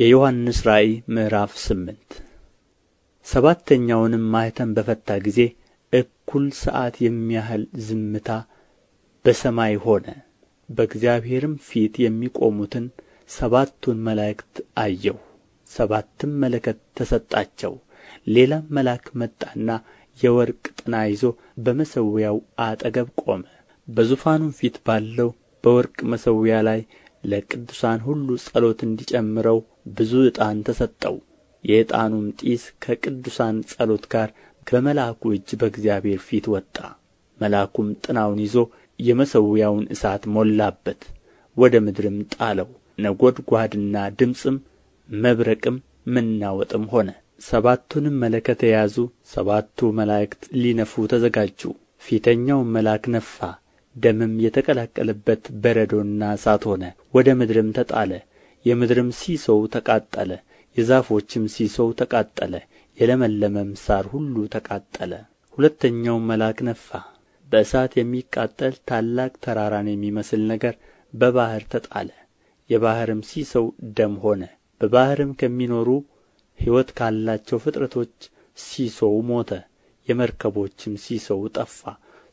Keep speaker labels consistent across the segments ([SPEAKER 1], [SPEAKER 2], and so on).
[SPEAKER 1] የዮሐንስ ራእይ ምዕራፍ ስምንት ሰባተኛውንም ማኅተም በፈታ ጊዜ እኩል ሰዓት የሚያህል ዝምታ በሰማይ ሆነ። በእግዚአብሔርም ፊት የሚቆሙትን ሰባቱን መላእክት አየሁ። ሰባትም መለከት ተሰጣቸው። ሌላም መልአክ መጣና የወርቅ ጥና ይዞ በመሠዊያው አጠገብ ቆመ። በዙፋኑም ፊት ባለው በወርቅ መሠዊያ ላይ ለቅዱሳን ሁሉ ጸሎት እንዲጨምረው ብዙ ዕጣን ተሰጠው የዕጣኑም ጢስ ከቅዱሳን ጸሎት ጋር በመልአኩ እጅ በእግዚአብሔር ፊት ወጣ መልአኩም ጥናውን ይዞ የመሠዊያውን እሳት ሞላበት ወደ ምድርም ጣለው ነጐድጓድና ድምፅም መብረቅም መናወጥም ሆነ ሰባቱንም መለከት የያዙ ሰባቱ መላእክት ሊነፉ ተዘጋጁ ፊተኛውም መልአክ ነፋ ደምም የተቀላቀለበት በረዶና እሳት ሆነ ወደ ምድርም ተጣለ የምድርም ሲሶው ተቃጠለ የዛፎችም ሲሶው ተቃጠለ የለመለመም ሳር ሁሉ ተቃጠለ ሁለተኛውም መልአክ ነፋ በእሳት የሚቃጠል ታላቅ ተራራን የሚመስል ነገር በባሕር ተጣለ የባሕርም ሲሶው ደም ሆነ በባሕርም ከሚኖሩ ሕይወት ካላቸው ፍጥረቶች ሲሶው ሞተ የመርከቦችም ሲሶው ጠፋ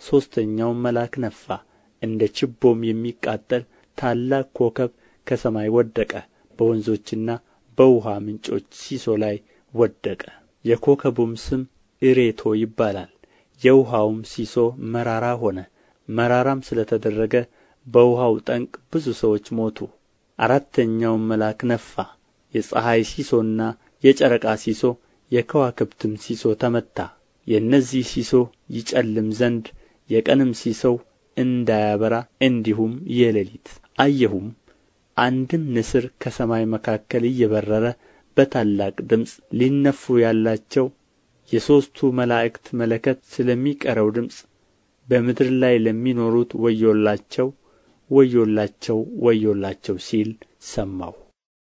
[SPEAKER 1] ሦስተኛውም መልአክ ነፋ እንደ ችቦም የሚቃጠል ታላቅ ኮከብ ከሰማይ ወደቀ በወንዞችና በውኃ ምንጮች ሲሶ ላይ ወደቀ የኮከቡም ስም እሬቶ ይባላል የውኃውም ሲሶ መራራ ሆነ መራራም ስለ ተደረገ በውኃው ጠንቅ ብዙ ሰዎች ሞቱ አራተኛውም መልአክ ነፋ የፀሐይ ሲሶና የጨረቃ ሲሶ የከዋክብትም ሲሶ ተመታ የእነዚህ ሲሶ ይጨልም ዘንድ የቀንም ሲሶው እንዳያበራ እንዲሁም የሌሊት አየሁም አንድም ንስር ከሰማይ መካከል እየበረረ በታላቅ ድምፅ ሊነፉ ያላቸው የሦስቱ መላእክት መለከት ስለሚቀረው ድምፅ በምድር ላይ ለሚኖሩት ወዮላቸው ወዮላቸው ወዮላቸው ሲል ሰማሁ